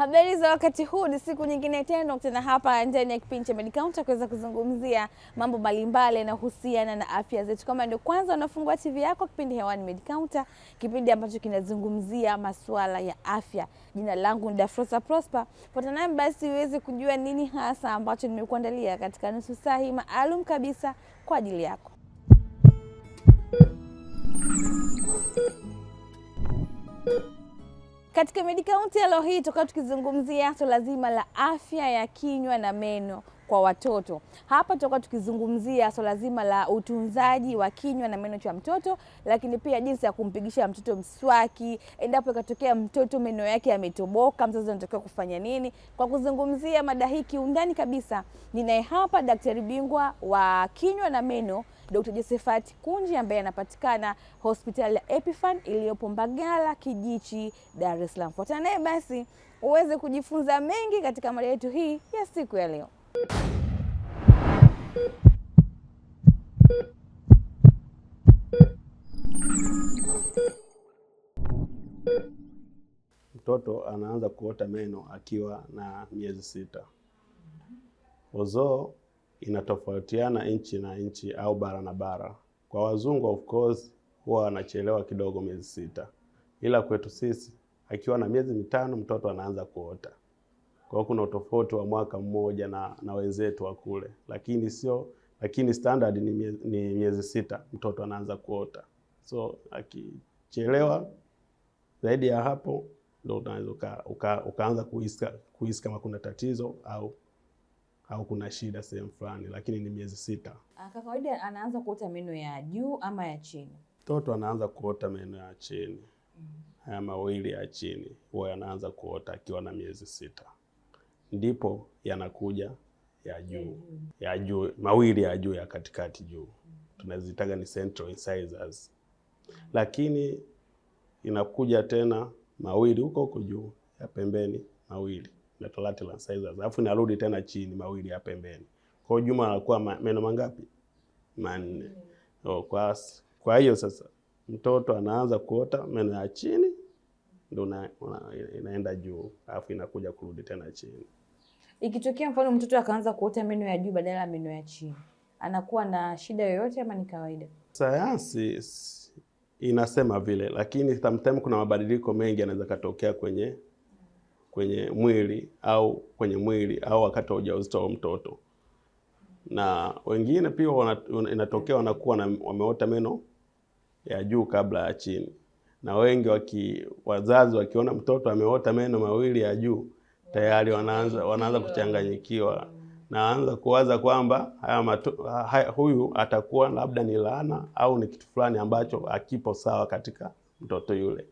Habari za wakati huu, ni siku nyingine tena tena hapa ndani ya kipindi cha MediCounter kuweza kuzungumzia mambo mbalimbali yanayohusiana na afya zetu. Kama ndio kwanza unafungua TV yako, kipindi hewani MediCounter, kipindi ambacho kinazungumzia masuala ya afya. Jina langu ni Dafrosa Prosper, fuatana nami basi uweze kujua nini hasa ambacho nimekuandalia katika nusu saa hii maalum kabisa kwa ajili yako. Katika Medi County leo hii tutakuwa tukizungumzia swala zima la afya ya kinywa na meno kwa watoto. Hapa tutakuwa tukizungumzia swala zima la utunzaji wa kinywa na meno cha mtoto, lakini pia jinsi ya kumpigisha mtoto mswaki. Endapo ikatokea mtoto meno yake yametoboka, mzazi anatakiwa kufanya nini? Kwa kuzungumzia mada hii kiundani kabisa, ninaye hapa daktari bingwa wa kinywa na meno Dr. Josephat Kunji ambaye anapatikana hospitali ya Epifan iliyopo Mbagala Kijichi, Dar es Salaam. Fuatana naye basi uweze kujifunza mengi katika mada yetu hii ya siku ya leo. Mtoto anaanza kuota meno akiwa na miezi sita. Ozoo inatofautiana nchi na nchi au bara na bara. Kwa wazungu of course huwa anachelewa kidogo miezi sita, ila kwetu sisi akiwa na miezi mitano mtoto anaanza kuota. Kwa kuna utofauti wa mwaka mmoja na, na wenzetu wa kule, lakini sio lakini standard ni miezi sita mtoto anaanza kuota, so akichelewa zaidi ya hapo ndio unaweza uka, uka, ukaanza kuhisi kuhisi kama kuna tatizo au au kuna shida sehemu fulani, lakini ni miezi sita. Ah, kwa kawaida anaanza kuota meno ya juu ama ya chini? Mtoto anaanza kuota meno ya chini. mm -hmm. Haya mawili ya chini huwa anaanza kuota akiwa na miezi sita ndipo yanakuja ya juu ya juu, mawili ya juu ya katikati juu, tunazitaga ni central incisors. Lakini inakuja tena mawili huko huko juu ya pembeni, mawili lateral incisors, alafu inarudi tena chini mawili ya pembeni. Kwa Juma anakuwa meno mangapi? Manne. Oh, kwa kwa hiyo sasa mtoto anaanza kuota meno ya chini ndio inaenda juu, alafu inakuja kurudi tena chini. Ikitokea mfano mtoto akaanza kuota meno ya juu badala ya meno ya chini, anakuwa na shida yoyote ama ni kawaida? Sayansi inasema vile, lakini sometimes kuna mabadiliko mengi yanaweza katokea kwenye kwenye mwili au kwenye mwili au wakati wa ujauzito wa mtoto, na wengine pia wana, inatokea wanakuwa na, wameota meno ya juu kabla ya chini, na wengi waki, wazazi wakiona mtoto ameota meno mawili ya juu tayari wanaanza wanaanza kuchanganyikiwa, naanza kuwaza kwamba haya matu, haya, huyu atakuwa labda ni laana au ni kitu fulani ambacho akipo sawa katika mtoto yule.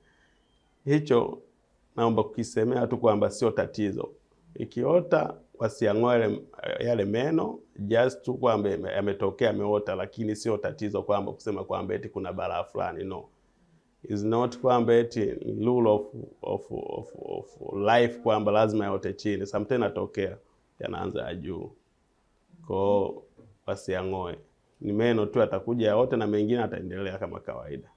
Hicho naomba kukisemea tu kwamba sio tatizo, ikiota wasiang'oe yale meno just tu kwamba yametokea ameota, lakini sio tatizo kwamba kusema kwamba eti kuna balaa fulani no is not kwamba eti rule of, of, of, of life kwamba lazima yaote chini. Sometimes natokea yanaanza ya juu, kwao wasiang'oe, ni meno tu atakuja yote na mengine ataendelea kama kawaida.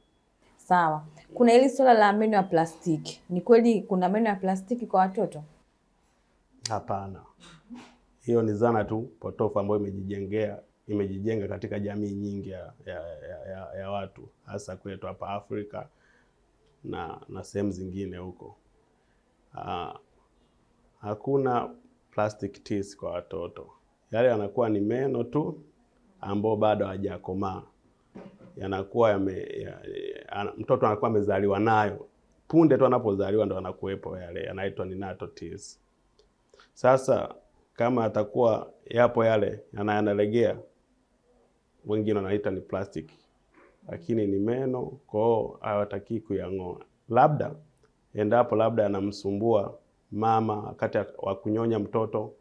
Sawa, kuna hili swala la meno ya plastiki. Ni kweli kuna meno ya plastiki kwa watoto? Hapana, hiyo ni zana tu potofu ambayo imejijengea imejijenga katika jamii nyingi ya, ya, ya, ya watu hasa kwetu hapa Afrika na, na sehemu zingine huko. Aa, ah, hakuna plastic teeth kwa watoto, yale yanakuwa ni meno tu ambao bado hajakomaa yanakuwa yame, ya, ya, mtoto anakuwa amezaliwa nayo punde tu anapozaliwa ndo anakuwepo yale yanaitwa ninato teeth. Sasa kama atakuwa yapo yale yanayalegea wengine wanaita ni plastic, lakini ni meno, kwao hawataki kuyang'oa, labda endapo labda anamsumbua mama wakati wa kunyonya mtoto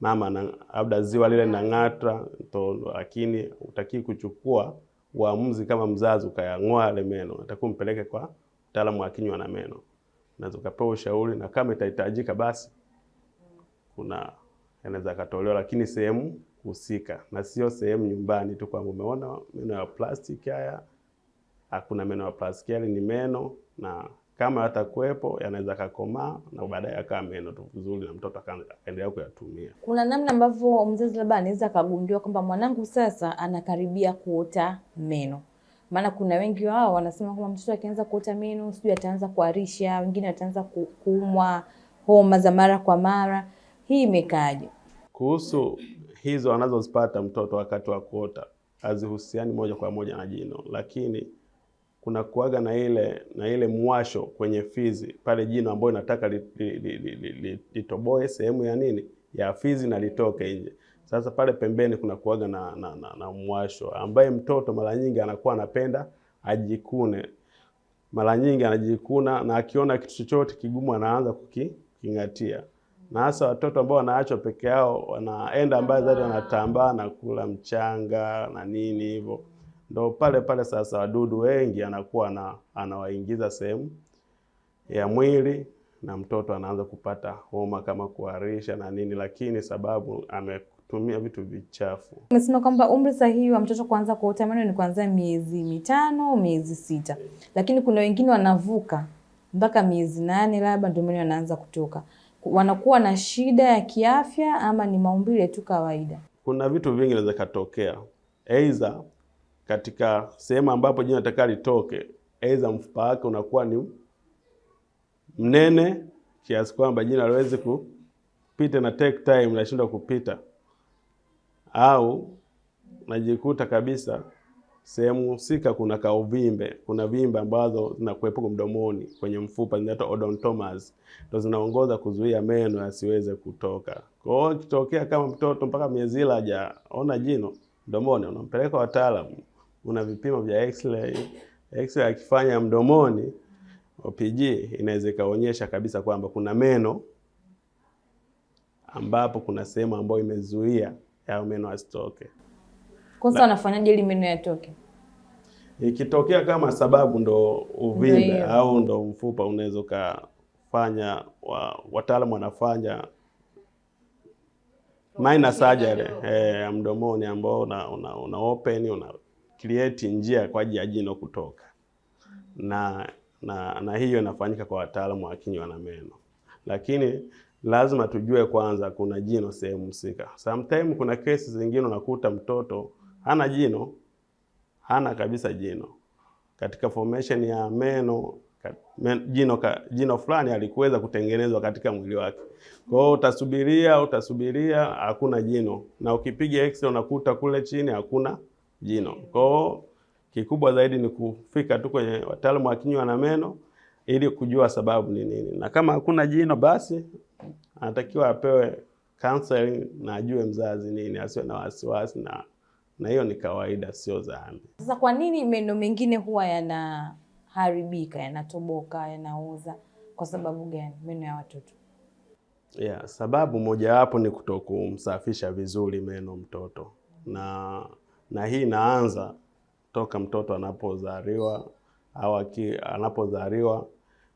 mama na, labda ziwa lile linang'ata to, lakini utakii kuchukua uamuzi kama mzazi ukayang'oa yale meno, atakuwa mpeleke kwa mtaalamu wa kinywa na meno, unaweza ukapewa ushauri, na kama itahitajika basi kuna anaweza akatolewa, lakini sehemu husika na sio sehemu nyumbani tu kwamba umeona meno ya plastiki haya. Hakuna meno ya plastiki, yale yaani ni meno, na kama yatakuwepo yanaweza kakomaa na baadaye akawa meno tu vizuri, na mtoto akaendelea kuyatumia. Kuna namna ambavyo mzazi labda anaweza akagunduliwa kwamba mwanangu sasa anakaribia kuota meno? Maana kuna wengi wao wanasema kwamba mtoto akianza kuota meno sijui ataanza kuharisha, wengine wataanza kuumwa homa za mara kwa mara. Hii imekaaje kuhusu hizo anazozipata mtoto wakati wa kuota hazihusiani moja kwa moja na jino, lakini kuna kuaga na ile na ile mwasho kwenye fizi pale jino ambayo inataka litoboe sehemu ya nini ya fizi na litoke nje. Sasa pale pembeni kuna kuaga na, na, na, na mwasho ambaye mtoto mara nyingi anakuwa anapenda ajikune, mara nyingi anajikuna na akiona kitu chochote kigumu anaanza kuking'atia na hasa watoto ambao wanaachwa peke yao, wanaenda mbali zaidi wanatambaa na kula mchanga na nini hivyo, ndo pale pale sasa wadudu wengi anakuwa na anawaingiza sehemu ya mwili na mtoto anaanza kupata homa kama kuharisha na nini, lakini sababu ametumia vitu vichafu. Umesema kwamba umri sahihi wa mtoto kuanza kuota meno ni kuanzia miezi mitano, miezi sita, lakini kuna wengine wanavuka mpaka miezi nane labda ndio meno yanaanza kutoka wanakuwa na shida ya kiafya ama ni maumbile tu kawaida. Kuna vitu vingi vinaweza katokea, aidha katika sehemu ambapo jino linataka litoke, aidha mfupa wake unakuwa ni mnene kiasi kwamba jino haliwezi kupita na take time, nashindwa kupita au najikuta kabisa sehemu husika kuna kauvimbe, kuna vimbe ambazo zinakuwepo mdomoni kwenye mfupa zinaitwa odontomas, ndo zinaongoza kuzuia meno yasiweze kutoka. Kwa hiyo ikitokea kama mtoto mpaka miezi ile hajaona jino mdomoni, unampeleka wataalamu, una vipimo vya x-ray. X-ray akifanya mdomoni OPG inaweza ikaonyesha kabisa kwamba kuna meno ambapo kuna sehemu ambayo imezuia hayo meno asitoke. Kwanza wanafanyaje ili meno yatoke? Ikitokea kama sababu ndo uvimbe au ndo mfupa, unaweza ukafanya wa, wataalamu wanafanya minor surgery eh, mdomoni ambao una, una, una open una create njia kwa ajili ya jino kutoka na na na hiyo inafanyika kwa wataalamu wa kinywa na meno, lakini lazima tujue kwanza kuna jino sehemu husika. Sometimes kuna kesi zingine unakuta mtoto hana jino, hana kabisa jino. Katika formation ya meno jino ka, jino fulani alikuweza kutengenezwa katika mwili wake. Kwa hiyo utasubiria utasubiria, hakuna jino, na ukipiga x-ray unakuta kule chini hakuna jino. Kwa hiyo kikubwa zaidi ni kufika tu kwenye wataalamu wa kinywa na meno ili kujua sababu ni nini, na kama hakuna jino, basi anatakiwa apewe counseling na ajue mzazi nini, asiwe na wasiwasi na na hiyo ni kawaida, sio dhambi. Sasa kwa nini meno mengine huwa yanaharibika, yanatoboka, yanaoza? Kwa sababu gani? Meno ya watoto yeah, sababu mojawapo ni kutokumsafisha vizuri meno mtoto, na na hii inaanza toka mtoto anapozaliwa au anapozaliwa,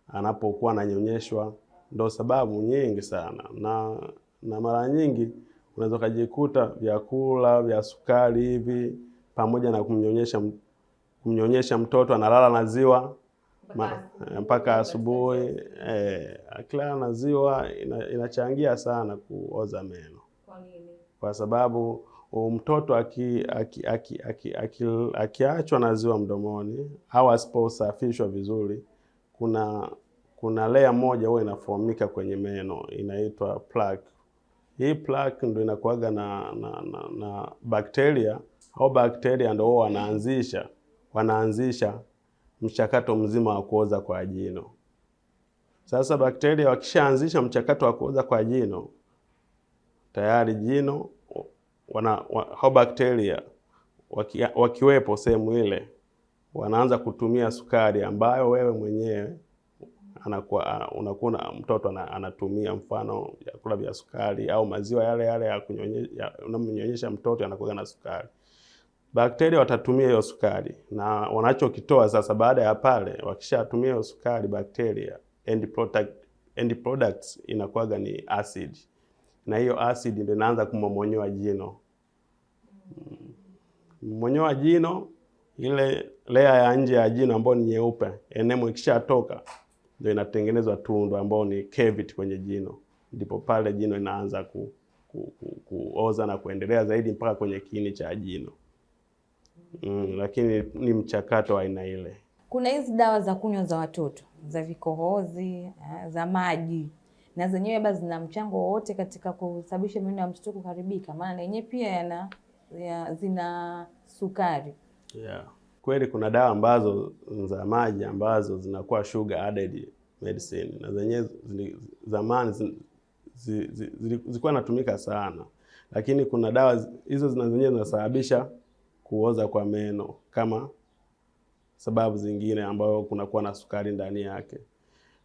anapokuwa ananyonyeshwa, ndo sababu nyingi sana na na mara nyingi unaweza ukajikuta vyakula vya sukari hivi pamoja na kumnyonyesha kumnyonyesha mtoto analala na ziwa mpaka asubuhi eh, akilala na ziwa ina, inachangia sana kuoza meno. Kwa nini? Kwa sababu mtoto akiachwa aki, aki, aki, aki, aki, aki na ziwa mdomoni au asiposafishwa vizuri, kuna kuna lea moja huwa inafomika kwenye meno inaitwa plaque hii plaque ndio inakuaga na, na, na, na bakteria au bakteria ndio wanaanzisha wanaanzisha mchakato mzima wa kuoza kwa jino. Sasa bakteria wakishaanzisha mchakato wa kuoza kwa jino tayari jino wana, wa, hao bakteria waki, wakiwepo sehemu ile wanaanza kutumia sukari ambayo wewe mwenyewe anakuwa unakuwa mtoto anatumia mfano vyakula vya sukari au maziwa yale yale ya kunyonyesha, unamnyonyesha mtoto anakuwa na sukari. Bakteria watatumia hiyo sukari na wanachokitoa sasa, baada ya pale, wakishatumia hiyo sukari, bakteria end product end products inakuwa ni acid, na hiyo acid ndio inaanza kumomonyoa jino mm. mmonyoa jino ile lea ya nje ya jino ambayo ni nyeupe, enemo ikishatoka ndio inatengenezwa tundu ambao ni cavity kwenye jino, ndipo pale jino inaanza ku, ku, ku, kuoza na kuendelea zaidi mpaka kwenye kiini cha jino mm, lakini ni mchakato wa aina ile. Kuna hizi dawa za kunywa za watoto za vikohozi eh, za maji na zenyewe basi zina mchango wowote katika kusababisha meno ya mtoto kuharibika? Maana yenyewe pia yana ya, zina sukari yeah. Kweli kuna dawa ambazo za maji ambazo zinakuwa sugar added medicine na zenyewe zamani zilikuwa natumika sana, lakini kuna dawa hizo zina zenyewe zinasababisha kuoza kwa meno kama sababu zingine ambayo kunakuwa na sukari ndani yake.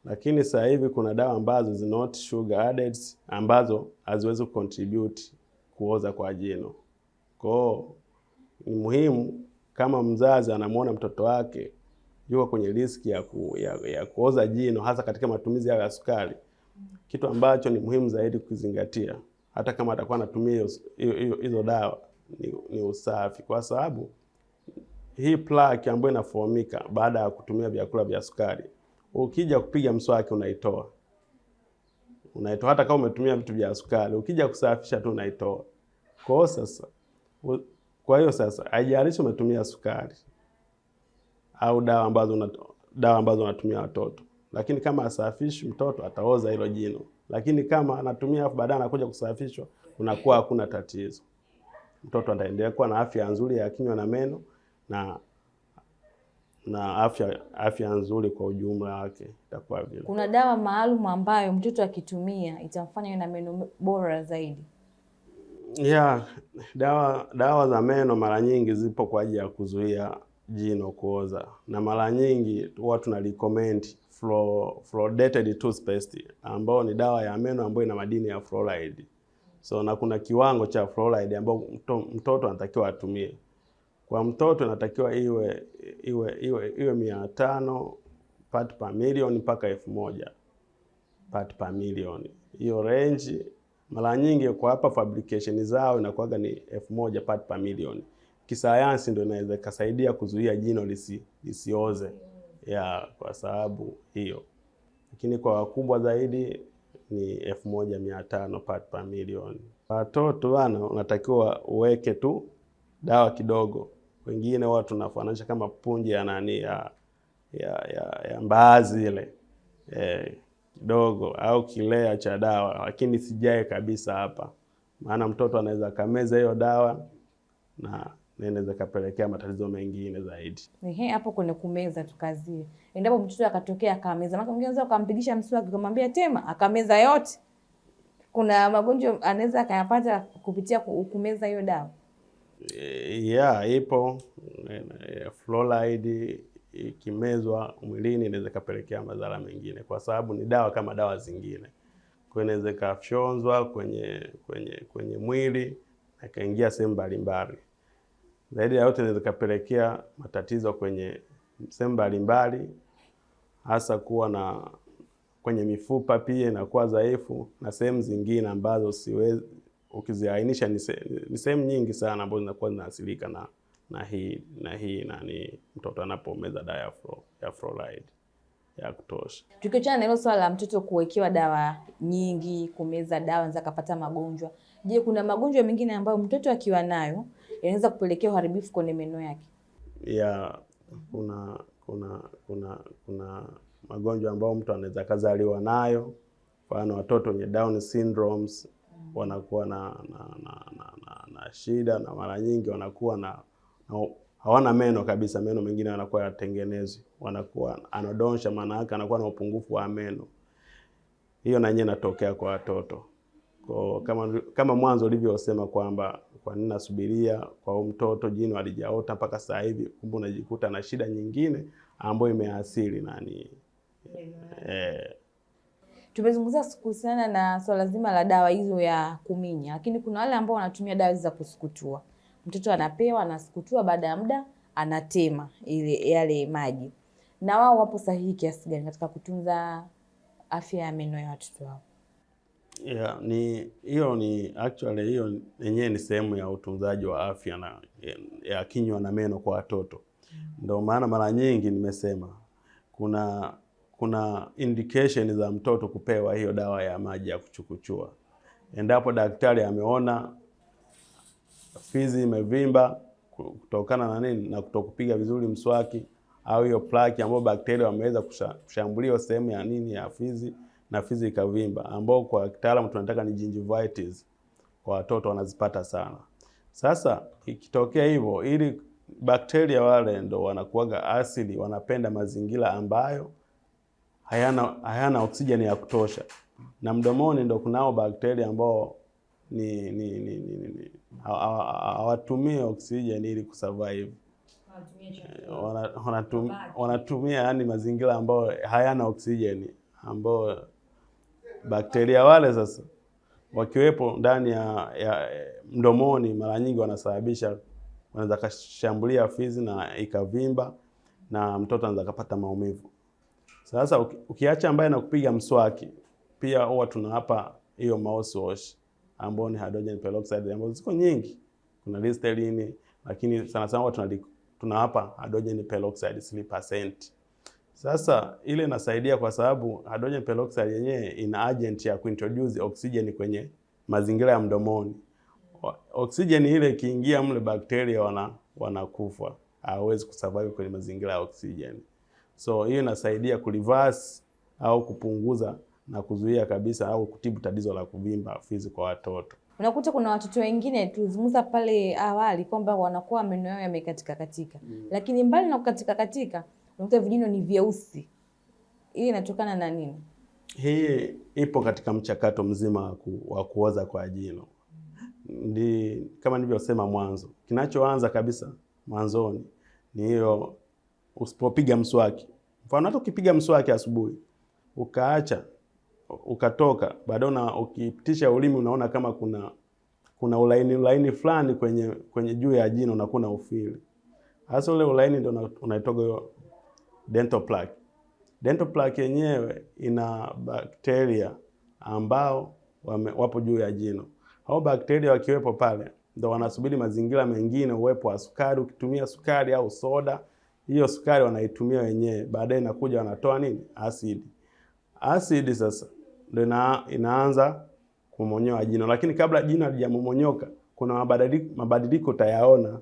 Lakini sasa hivi kuna dawa ambazo zi not sugar added ambazo haziwezi kucontribute kuoza kwa jino. Kwa hiyo ni muhimu kama mzazi anamwona mtoto wake yuko kwenye riski ya, ku, ya, ya kuoza jino hasa katika matumizi ya sukari, kitu ambacho ni muhimu zaidi kukizingatia hata kama atakuwa anatumia hizo dawa ni, ni usafi, kwa sababu hii plaque ambayo inafomika baada ya kutumia vyakula vya sukari, ukija kupiga mswaki unaitoa, unaitoa hata kama umetumia vitu vya sukari, ukija kusafisha tu unaitoa. Kwa hiyo sasa kwa hiyo sasa haijalishi unatumia sukari au dawa ambazo una, dawa ambazo anatumia watoto, lakini kama asafishi mtoto ataoza hilo jino, lakini kama anatumia afu baadaye anakuja kusafishwa, unakuwa hakuna tatizo. Mtoto ataendelea kuwa na afya nzuri ya kinywa na meno na na afya afya nzuri kwa ujumla wake itakuwa vile. Kuna dawa maalum ambayo mtoto akitumia itamfanya na meno bora zaidi. Yeah, dawa dawa za meno mara nyingi zipo kwa ajili ya kuzuia jino kuoza, na mara nyingi huwa tuna recommend fluoridated toothpaste ambayo ni dawa ya meno ambayo ina madini ya fluoride. So na kuna kiwango cha fluoride ambayo mtoto anatakiwa atumie. Kwa mtoto inatakiwa iwe iwe iwe iwe mia tano part per million mpaka elfu moja part per million. Hiyo range mara nyingi kwa hapa fabrication zao inakuwaga ni elfu moja part per million. Kisayansi ndio inaweza ikasaidia kuzuia jino lisi, lisioze ya kwa sababu hiyo, lakini kwa wakubwa zaidi ni elfu moja mia tano part per million. Watoto bana, unatakiwa uweke tu dawa kidogo, wengine watu tunafananisha kama punje ya nani ya, ya, ya, ya mbaazi ile eh dogo au kilea cha dawa, lakini sijae kabisa hapa, maana mtoto anaweza kameza hiyo dawa na inaweza kapelekea matatizo mengine zaidi. Ehe, hapo kwenye kumeza tukazie, endapo mtoto akatokea akameza, maana mwingine anaweza ukampigisha mswaki tema, akameza yote. Kuna magonjwa anaweza akayapata kupitia kumeza hiyo dawa. Eh, ya ipo eh, eh, fluoride ikimezwa mwilini inaweza kapelekea madhara mengine, kwa sababu ni dawa kama dawa zingine. Kwa hiyo inaweza ikafyonzwa kwenye kwenye kwenye mwili na ikaingia sehemu mbalimbali. Zaidi ya yote, inaweza kapelekea matatizo kwenye sehemu mbalimbali, hasa kuwa na kwenye mifupa pia inakuwa dhaifu na sehemu zingine ambazo siwezi ukiziainisha, ni sehemu nyingi sana ambazo zinakuwa zinaathirika na na hii na hii nani mtoto anapomeza dawa ya ya fluoride ya kutosha. Tukiachana na hilo swala la mtoto kuwekewa dawa nyingi, kumeza dawa anaweza akapata magonjwa. Je, kuna magonjwa mengine ambayo mtoto akiwa nayo yanaweza kupelekea uharibifu kwenye meno yake? Ya kuna kuna kuna kuna magonjwa ambayo mtu anaweza kazaliwa nayo, mfano watoto wenye Down syndromes wanakuwa na na, na, na, na na shida na mara nyingi wanakuwa na hawana meno kabisa, meno mengine yanakuwa yatengenezi, wanakuwa anadonsha, maana yake anakuwa na upungufu wa meno. Hiyo na yeye natokea kwa watoto kwa, kama kama mwanzo ulivyosema kwamba kwa nini nasubiria kwa huyu mtoto jino alijaota mpaka sasa hivi, kumbe unajikuta na shida nyingine ambayo imeathiri nani eh. Tumezungumza kuhusiana na swala so zima la dawa hizo ya kuminya, lakini kuna wale ambao wanatumia dawa za kusukutua mtoto anapewa, anasukutua, baada ya muda anatema ile yale maji. Na wao wapo sahihi kiasi gani katika kutunza afya ya meno ya watoto wao? Yeah, ni hiyo ni actually hiyo yenyewe ni sehemu ya utunzaji wa afya na ya kinywa na meno kwa watoto. Ndio maana mara nyingi nimesema kuna kuna indication za mtoto kupewa hiyo dawa ya maji ya kuchukuchua. Endapo daktari ameona fizi imevimba kutokana na nini, na kutokupiga vizuri mswaki au hiyo plaki ambayo bakteria wameweza kushambulia sehemu ya nini ya fizi na fizi ikavimba, ambao kwa kitaalamu tunataka ni gingivitis, kwa watoto wanazipata sana. Sasa ikitokea hivyo, ili bakteria wale ndo wanakuwaga asili, wanapenda mazingira ambayo hayana hayana oksijeni ya kutosha, na mdomoni ndo kunao bakteria ambao ni ni ni ni hawatumii oxygen ili kusurvive, eh, wanatumia yani mazingira ambayo hayana oksijeni ambayo bakteria wale sasa wakiwepo ndani ya, ya eh, mdomoni, mara nyingi wanasababisha wanaweza kashambulia fizi na ikavimba na mtoto anaweza kapata maumivu. Sasa ukiacha ambaye nakupiga mswaki, pia huwa tunawapa hiyo mouthwash ambao ni hydrogen peroxide ambazo ziko nyingi, kuna Listerine, lakini sana sana watu tunawapa hydrogen peroxide 3%. Sasa ile inasaidia kwa sababu hydrogen peroxide yenyewe ina agent ya kuintroduce oxygen kwenye mazingira ya mdomoni. Oxygen ile ikiingia mle, bakteria wana wanakufa, Hawezi kusurvive kwenye mazingira ya oxygen. So hiyo inasaidia kureverse au kupunguza na kuzuia kabisa au kutibu tatizo la kuvimba fizi kwa watoto. Unakuta kuna watoto wengine tulizungumza pale awali kwamba wanakuwa meno yao yamekatika katika, mm. Lakini mbali na kukatika katika, unakuta vijino ni vyeusi. Hii inatokana na nini? Hii ipo katika mchakato mzima wa kuoza kwa jino. Ndi, kama nilivyosema mwanzo, kinachoanza kabisa mwanzoni ni hiyo usipopiga mswaki. Mfano hata ukipiga mswaki asubuhi ukaacha ukatoka baadaye, na ukipitisha ulimi unaona kama kuna kuna ulaini ulaini fulani kwenye kwenye juu ya jino na kuna ufili. Hasa ule ulaini ndio unaitoga hiyo dental plaque. Dental plaque yenyewe ina bakteria ambao wame, wapo juu ya jino. Hao bakteria wakiwepo pale ndio wanasubiri mazingira mengine, uwepo wa sukari. Ukitumia sukari au soda, hiyo sukari wanaitumia wenyewe, baadaye inakuja wanatoa nini, asidi. Asidi sasa ndio ina, inaanza kumonyoa jino, lakini kabla jino halijamomonyoka kuna mabadiliko, mabadiliko utayaona.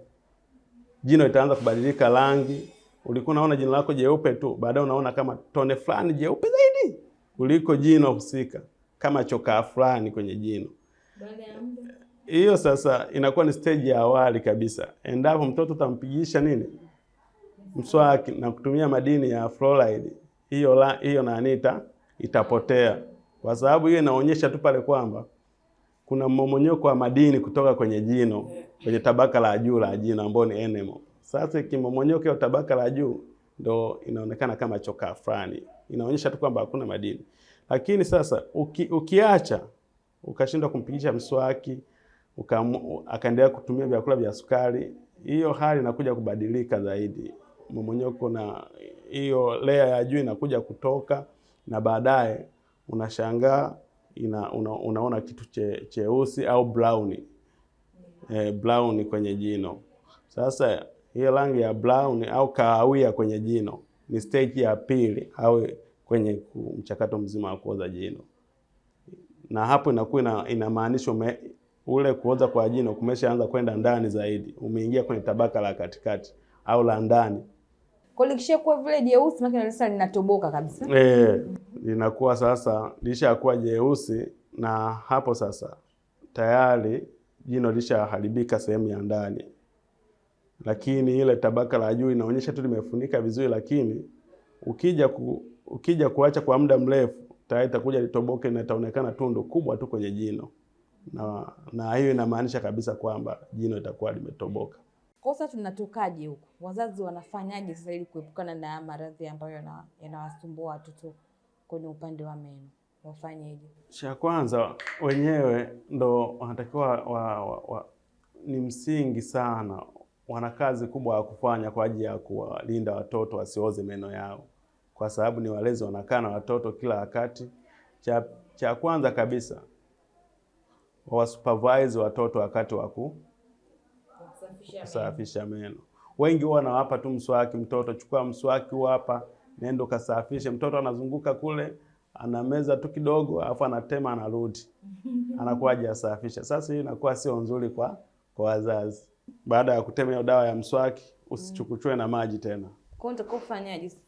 Jino itaanza kubadilika rangi. Ulikuwa unaona jino lako jeupe tu, baadaye unaona kama tone fulani jeupe zaidi kuliko jino husika, kama chokaa fulani kwenye jino. Hiyo sasa inakuwa ni stage ya awali kabisa, endapo mtoto utampigisha nini mswaki na kutumia madini ya fluoride, hiyo hiyo nani itapotea kwa sababu hiyo inaonyesha tu pale kwamba kuna mmomonyoko wa madini kutoka kwenye jino, kwenye tabaka la juu la jino ambao ni enamel. Sasa ikimomonyoko wa tabaka la juu ndo inaonekana kama chokaa fulani, inaonyesha tu kwamba hakuna madini. Lakini sasa uki, ukiacha ukashindwa kumpigisha mswaki akaendelea kutumia vyakula vya sukari, hiyo hali inakuja kubadilika zaidi, mmomonyoko na hiyo lea ya juu inakuja kutoka na baadaye unashangaa ina, una, unaona kitu cheusi au brown eh, brown kwenye jino. Sasa hiyo rangi ya brown au kahawia kwenye jino ni stage ya pili au kwenye mchakato mzima wa kuoza jino, na hapo inakuwa ina, inamaanisha ule kuoza kwa jino kumeshaanza kwenda ndani zaidi, umeingia kwenye tabaka la katikati au la ndani. Kwa hiyo likishakuwa vile jeusi, maana sasa linatoboka kabisa. Eh, linakuwa sasa lishakuwa jeusi na hapo sasa tayari jino lishaharibika sehemu ya ndani, lakini ile tabaka la juu inaonyesha tu limefunika vizuri, lakini ukija ku, ukija kuacha kwa muda mrefu tayari itakuja litoboke na itaonekana tundu kubwa tu kwenye jino, na na hiyo inamaanisha kabisa kwamba jino litakuwa limetoboka. Kosa tunatokaje huko, wazazi wanafanyaje sasa ili kuepukana na maradhi ambayo yanawasumbua watoto kwenye upande wa meno, wafanyeje? Cha kwanza wenyewe ndo wanatakiwa wa, wa, wa, ni msingi sana, wana kazi kubwa ya kufanya kwa ajili ya kuwalinda watoto wasioze meno yao, kwa sababu ni walezi wanakaa na watoto kila wakati. Cha, cha kwanza kabisa wasupervise watoto wakati wa kusafisha meno. Wengi huwa nawapa tu mswaki mtoto, chukua mswaki hapa, nenda kasafishe. Mtoto anazunguka kule, anameza tu kidogo, afu anatema, anarudi anakuwa hajasafisha. Sasa hii inakuwa sio nzuri kwa kwa wazazi. Baada ya kutema hiyo dawa ya mswaki, usichukuchwe na maji tena.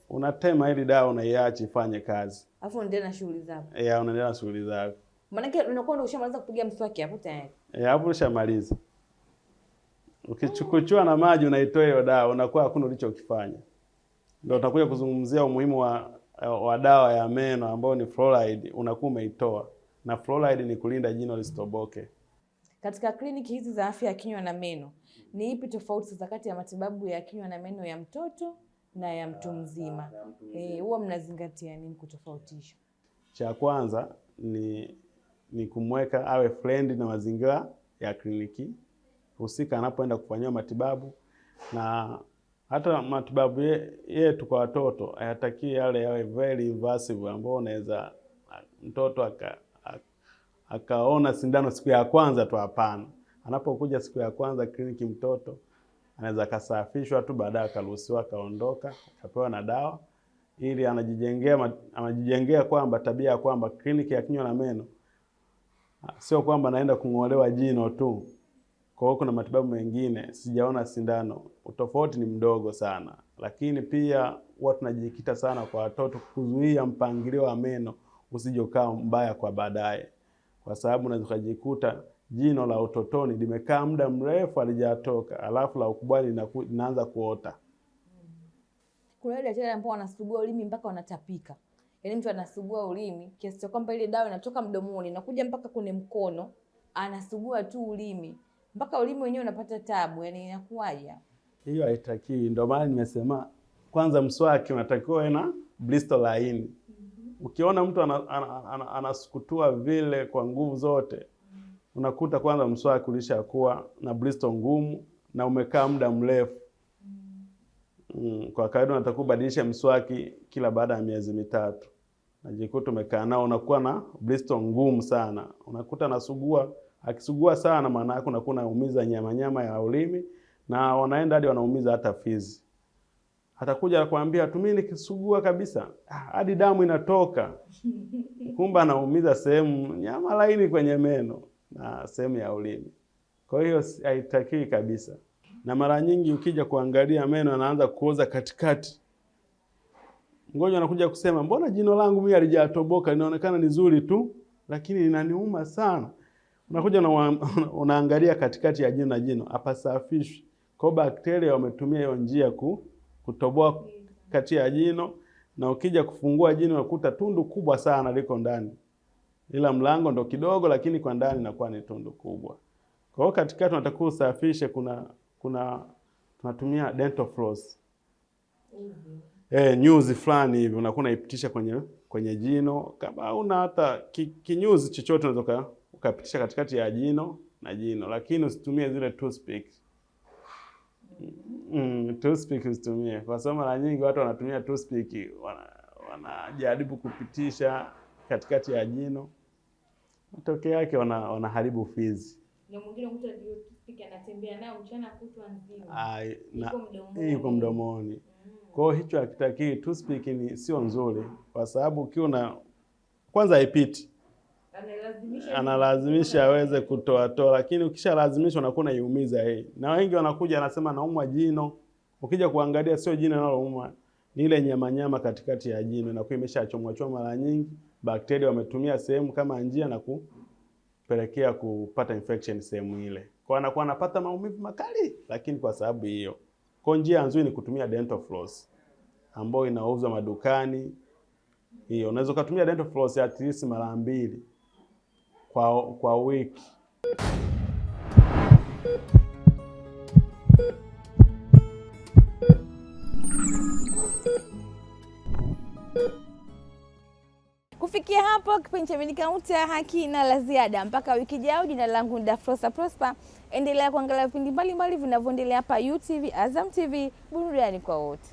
Unatema ili dawa unaiacha ifanye kazi, alafu unaendelea na shughuli zako. Yeah, unaendelea na shughuli zako, yake unakuwa ndio ushamaliza kupiga mswaki hapo tayari. Yeah, hapo ushamaliza. Ukichukuchua na maji unaitoa hiyo dawa, unakuwa hakuna ulichokifanya. Ndio utakuja kuzungumzia umuhimu wa, wa dawa ya meno ambayo ni fluoride, unakuwa umeitoa na fluoride ni kulinda jino lisitoboke. Katika kliniki hizi za afya ya kinywa na meno, ni ipi tofauti sasa kati ya matibabu ya kinywa na meno ya mtoto na ya mtu ah, mzima? Eh, huwa mnazingatia nini kutofautisha? Cha kwanza ni ni kumweka awe friend na mazingira ya kliniki husika anapoenda kufanyiwa matibabu, na hata matibabu yetu kwa watoto hayataki yale yawe very invasive, ambao unaweza mtoto aka, akaona sindano siku ya kwanza tu. Hapana, anapokuja siku ya kwanza kliniki, mtoto anaweza akasafishwa tu, baadaye akaruhusiwa akaondoka, akapewa na dawa ili anajijengea anajijengea kwamba tabia ya kwamba kliniki ya kinywa na meno sio kwamba naenda kung'olewa jino tu. Kwa hiyo kuna matibabu mengine sijaona sindano, utofauti ni mdogo sana, lakini pia huwa tunajikita sana kwa watoto kuzuia mpangilio wa meno usije ukawa mbaya kwa baadaye, kwa sababu unaweza ukajikuta jino la utotoni limekaa muda mrefu alijatoka, alafu la ukubwa linaanza kuota. Kuna ile daktari ambao wanasugua ulimi mpaka wanatapika, yaani mtu anasugua ulimi kiasi cha kwamba ile dawa inatoka mdomoni inakuja mpaka kwenye mkono, anasugua tu ulimi mpaka ulimi wenyewe unapata tabu, yani inakuwaje? Hiyo haitaki. Ndio maana nimesema kwanza, mswaki unatakiwa uwe na blisto laini. Mhm. Ukiona mtu anasukutua ana, ana, ana vile kwa nguvu zote, unakuta kwanza mswaki ulishakuwa na blisto ngumu na umekaa muda mrefu. Mhm. Mm, kwa kawaida unatakiwa kubadilisha mswaki kila baada ya miezi mitatu. Najikuta umekaa nao unakuwa na blisto ngumu sana, unakuta nasugua Akisugua sana, maana yake unakuwa unaumiza nyama nyama ya ulimi, na wanaenda hadi wanaumiza hata fizi. Atakuja akwambia tu, mimi nikisugua kabisa ah, hadi damu inatoka, kumbe anaumiza sehemu nyama laini kwenye meno na sehemu ya ulimi. Kwa hiyo haitakiwi kabisa, na mara nyingi ukija kuangalia meno yanaanza kuoza katikati mgonjwa anakuja kusema mbona jino langu mimi halijatoboka, linaonekana ni zuri tu, lakini linaniuma sana unakuja na unaangalia katikati ya jino na jino hapasafishwi. Kwa bakteria wametumia hiyo njia ku, kutoboa kati ya jino, na ukija kufungua jino unakuta tundu kubwa sana liko ndani, ila mlango ndo kidogo, lakini kwa ndani inakuwa ni tundu kubwa. Kwa hiyo katikati unatakiwa usafishe. Kuna kuna tunatumia dental floss mm -hmm. eh, nyuzi fulani hivi unakuwa unaipitisha kwenye kwenye jino, kama una hata kinyuzi ki chochote unaweza ukapitisha katikati ya jino na jino, lakini usitumie zile toothpick. Mm, mm toothpick usitumie, kwa sababu mara nyingi watu wanatumia toothpick, wanajaribu wana kupitisha katikati ya jino, matokeo yake wana, wanaharibu fizi yuko mdomoni. Mm. Kwa hiyo hicho hakitakii, toothpick ni sio nzuri, kwa sababu ukiwa na kwanza haipiti analazimisha aweze kutoa toa, lakini ukishalazimisha unakuwa unaiumiza yeye. Na wengi wanakuja anasema naumwa jino, ukija kuangalia sio jino linalouma ni ile nyama nyama katikati ya jino na kuimesha chomwa mara nyingi, bakteria wametumia sehemu kama njia na kupelekea kupata infection sehemu ile, kwa anakuwa anapata maumivu makali, lakini kwa sababu hiyo. Kwa njia nzuri ni kutumia dental floss ambayo inauzwa madukani. Hiyo unaweza kutumia dental floss at least mara mbili kwa, kwa wiki. Kufikia hapo kipindi cha Medi Counter hakina la ziada mpaka wiki jao Jina langu ni Dafrosa Prosper. Endelea kuangalia vipindi mbalimbali vinavyoendelea hapa UTV, Azam TV, burudani kwa wote.